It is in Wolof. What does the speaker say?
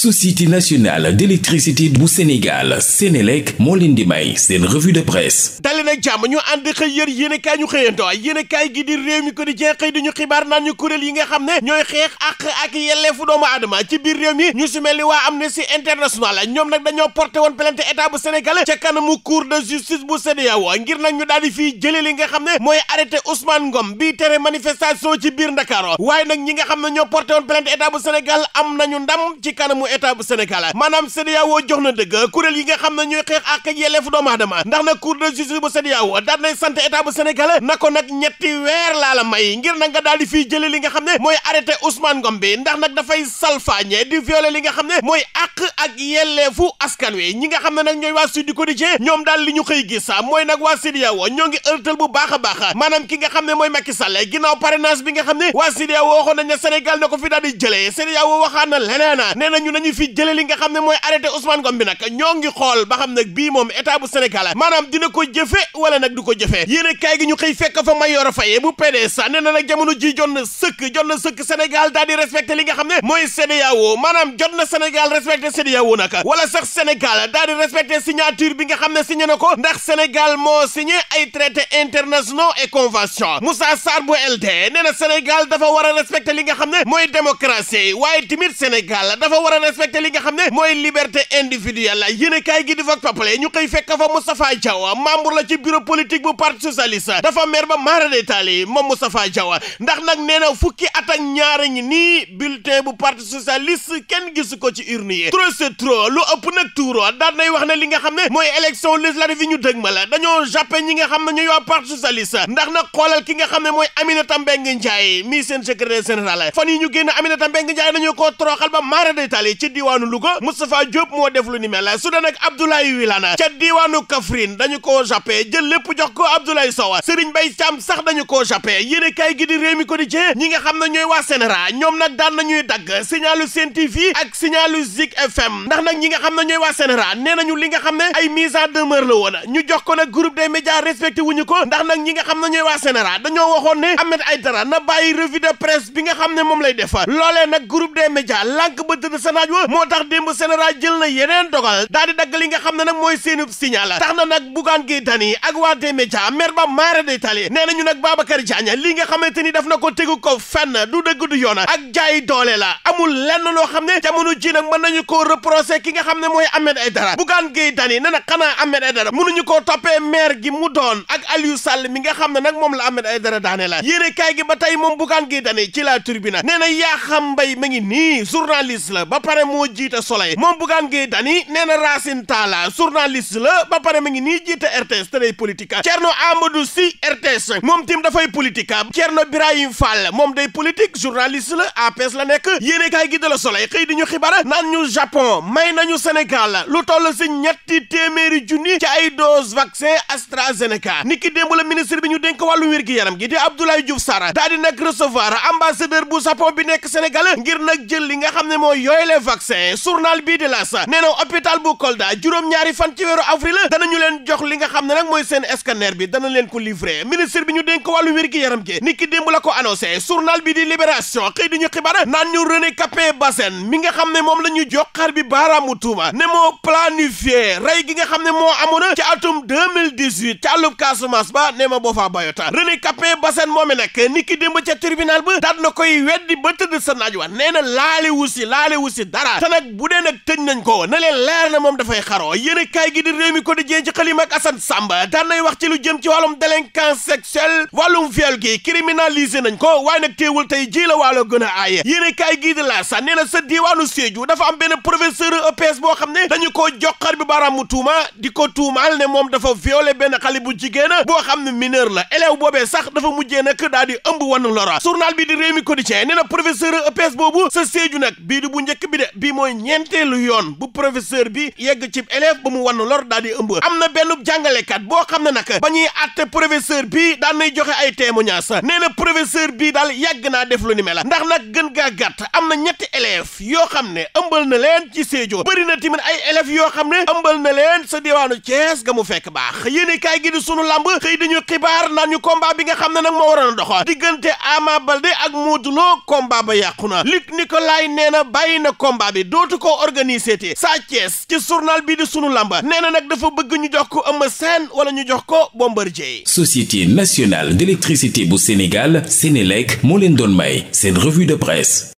société nationale d'électricité bu Sénégal Sénélec moo leen di may seen revue de presse dali jàmm ñu ànd xëy yër yéenekaay ñu xëyanto yéenekaay gi di réew mi ko di jeex xëy di ñu xibaar naan ñu kuréel yi nga xam ne ñooy xeex ak ak yelleefu doomu aadama ci biir réew mi ñu si mel ni waa Amnesty International ñoom nag dañoo porté woon plainte état bu Sénégal ca kanamu cour de justice bu CEDEAO ngir nag ñu daal di fii jëlee li nga xam ne mooy arrêté Ousmane Ngom bii tere manifestation ci biir Ndakaaru waaye nag ñi nga xam ne état bu maanaam CEDEAO jox na dëgg kuréel yi nga xam ne ñooy xeex ak yelleefu doomu aadama ndax nag cour de justice bu CEDEAO daal nay sant état bu Sénégal na ko nag ñetti weer laa la may ngir nag nga daal di fii jële li nga xam ne mooy arrêté Ousmane Ngom bi ndax nag dafay salfaañe di violer li nga xam ne mooy àq ak yelleefu askan wi ñi nga xam ne nag ñooy waa Sud Quotidien ñoom daal li ñu xëy gis mooy nag waa CEDEAO ñoo ngi ërtal bu a xam ne mooy Macky Sall ginnaaw parrainage bi nga xam ne waa CEDEAO waxoon nañ ne Sénégal nañu fi jëlee li nga xam ne mooy arrêté Ousmane Ngom bi nag ñoo ngi xool ba xam nag bii moom état bu Sénégal maanaam dina ko jëfe wala nag du ko jëfee yéen a kaay gi ñu xëy fekk fa Mayoro Faye bu PDS nee na nag jamono ji jot na sëkk jot na sëkk Sénégal daal di respecté li nga xam ne mooy CEDEAO maanaam jot na Sénégal respecté CEDEAO nag wala sax Sénégal daal di respecté signature bi nga xam ne signé na ko ndax Sénégal moo signé ay traités internationaux et convention Moussa Sarr bu LD nee na Sénégal dafa war a respecté li nga xam ne mooy démocratie waaye tamit Sénégal dafa war a respecté li nga xam ne mooy liberté individuelle la yéen a kaay gi di Vox Populi ñu koy fekk fa Moustapha Diaw membre la ci bureau politique bu parti socialiste dafa mer ba maara détaal yi moom Moustapha Diaw ndax nag nee na fukki at ak ñaar ñi nii bulletin bu parti socialiste kenn gisu ko ci urne yi trop c'est trop lu ëpp nag tuuro daan wax ne li nga xam ne mooy élection législative yi ñu dëg ma la dañoo jàppe ñi nga xam ne ñooy waa parti socialiste ndax nag xoolal ki nga xam ne mooy Aminata Mbengue Ndiaye mi seen secrétaire général fan ci diwaanu Louga Moustapha Diop moo def lu ni mel su dee nag Abdoulaye Wilane ca diiwaanu Kaffrine dañu ko jàppee jël lépp jox ko Abdoulaye Sow Serigne Mbaye Thiam sax dañu koo jàppee yéene kaay gi di Rewmi Quotidien ñi nga xam ne ñooy waa CNRA ñoom nag daan nañuy dagg signalu Sen TV ak signalu Zik FM ndax nag ñi nga xam ne ñooy waa CNRA nee nañu li nga xam ne ay mise en demeure la woon ñu jox ko nag groupe des médias respecté wuñu ko ndax nag ñi nga xam ne ñooy waa CNRA dañoo waxoon ne Ahmed Aïdara na bàyyi revue de presse bi nga xam ne moom lay def loolee nag groupe des médias lànk ba tëdd sa naaj laaj wa moo tax démb sénéral na yeneen dogal daal di dagg xam ne nag mooy seenub signal tax na nag Bougane Gueye Dany ak waa D-Média mer ba maara day tali nee na ñu nag Babacar Diagne li nga xamante ni daf na ko tegu ko fenn du dëgg du yoon ak jaay doole la amul lenn loo xam ne jamono ji nag mën nañu koo reprocher ki nga xam ne mooy Ahmed Aïdara Bougane Gueye Dany nee na xanaa Ahmed Aïdara mënuñu koo toppee maire gi mu doon mi nga xam ne nag moom la la yéene kaay gi ba tey moom Bougane Gueye Dany ci la turbina nee ne moo jiite Soleil moom Bougane Gueye Dany nee na Racine Talla la ba pare ma ngi nii jiite RTS te day politique Thierno Amadou Sy RTS moom tim dafay politique Thierno Birahim Fall moom day politique journaliste la APS la nekk yéene kaay gi de la Soleil xëy di ñu xibaar naan ñu Japon may nañu Sénégal lu toll si ñetti téeméeri junni ci ay dose vaccin AstraZeneca niki démb la ministre bi ñu dénk wàllu wér gi yaram gi di Abdoulaye Diouf Sarr daal di nag recevoir ambassadeur bu Japon bi nekk Sénégal ngir nag jël li nga xam vaccin bii di L'As nee na bu Kolda juróom-ñaari fan ci weeru avril danañu leen jox li nga xam ne nag mooy seen scanner bi dana leen ko livré ministre bi ñu dénk wàllu wér gi yaram gi niki démb la ko annoncé journal bi di Libération xëy di ñu ñu René Capé Bassène mi nga xam ne moom la ñu jox xar baaraamu tuuma ne moo planifié rey gi nga xam ne moo amoon ci atum 2018 ci àllub Casamance ba ne ma boo faa bayota René Capé Bassène ca tribunal ba ba tëdd sa naaj wa nee dara te bu dee nag tëñ nañ ko neleen laar leer na moom dafay xaroo yéen kaay gi di réew mi quotidien ci xalima ak Assane Samba daan nay wax ci lu jëm ci wàllum délinquance sexuelle wàllum viol gi criminalisé nañ ko waaye nag téewul tey ji la wàllo gën a aaye yéen kaay gi di la sa nee na sa diwaanu Sédhiou dafa am benn professeur EPS boo xam ne dañu koo joxar bi baaraamu tuuma di ko tuumaal ne moom dafa violé benn xale bu jigéen boo xam ne mineur la élève boobee sax dafa mujjee nag daal di ëmb wan lora journal bi di réew mi quotidien nee na professeur EPS boobu sa Sédhiou nag bii bu njëkk bi de bi mooy ñeenteelu yoon bu professeur bi yegg cib élève ba mu wann lor daal di ëmb am na benn jàngalekat boo xam ne nag ba ñuy àtte professeur bi daan nay joxe ay témoignage nee na professeur bi daal yàgg naa def lu ni mel ndax nag gën gaa gàtt am na ñetti élève yoo xam ne ëmbal na leen ci Sédhiou bëri na tamit ay élèves yoo xam ne ëmbal na leen sa diwaanu Thiès ga mu fekk baax yéen kaay gi di sunu lamb xëy dañu xibaar naan ñu combat bi nga xam ne na moo waroon na dox diggante Ama Baldé ak Modou Lo combat ba yàqu na Luc Nicolaï nee na bàyyi na combat dootu ko organiser te Sa Thiès ci journal bii di sunu lamb nee na nag dafa bëgg ñu jox ko Eumeu Sène wala ñu jox ko Bombardier. Société nationale d'électricité bu Sénégal Sénélec moo leen doon may seen revue de presse.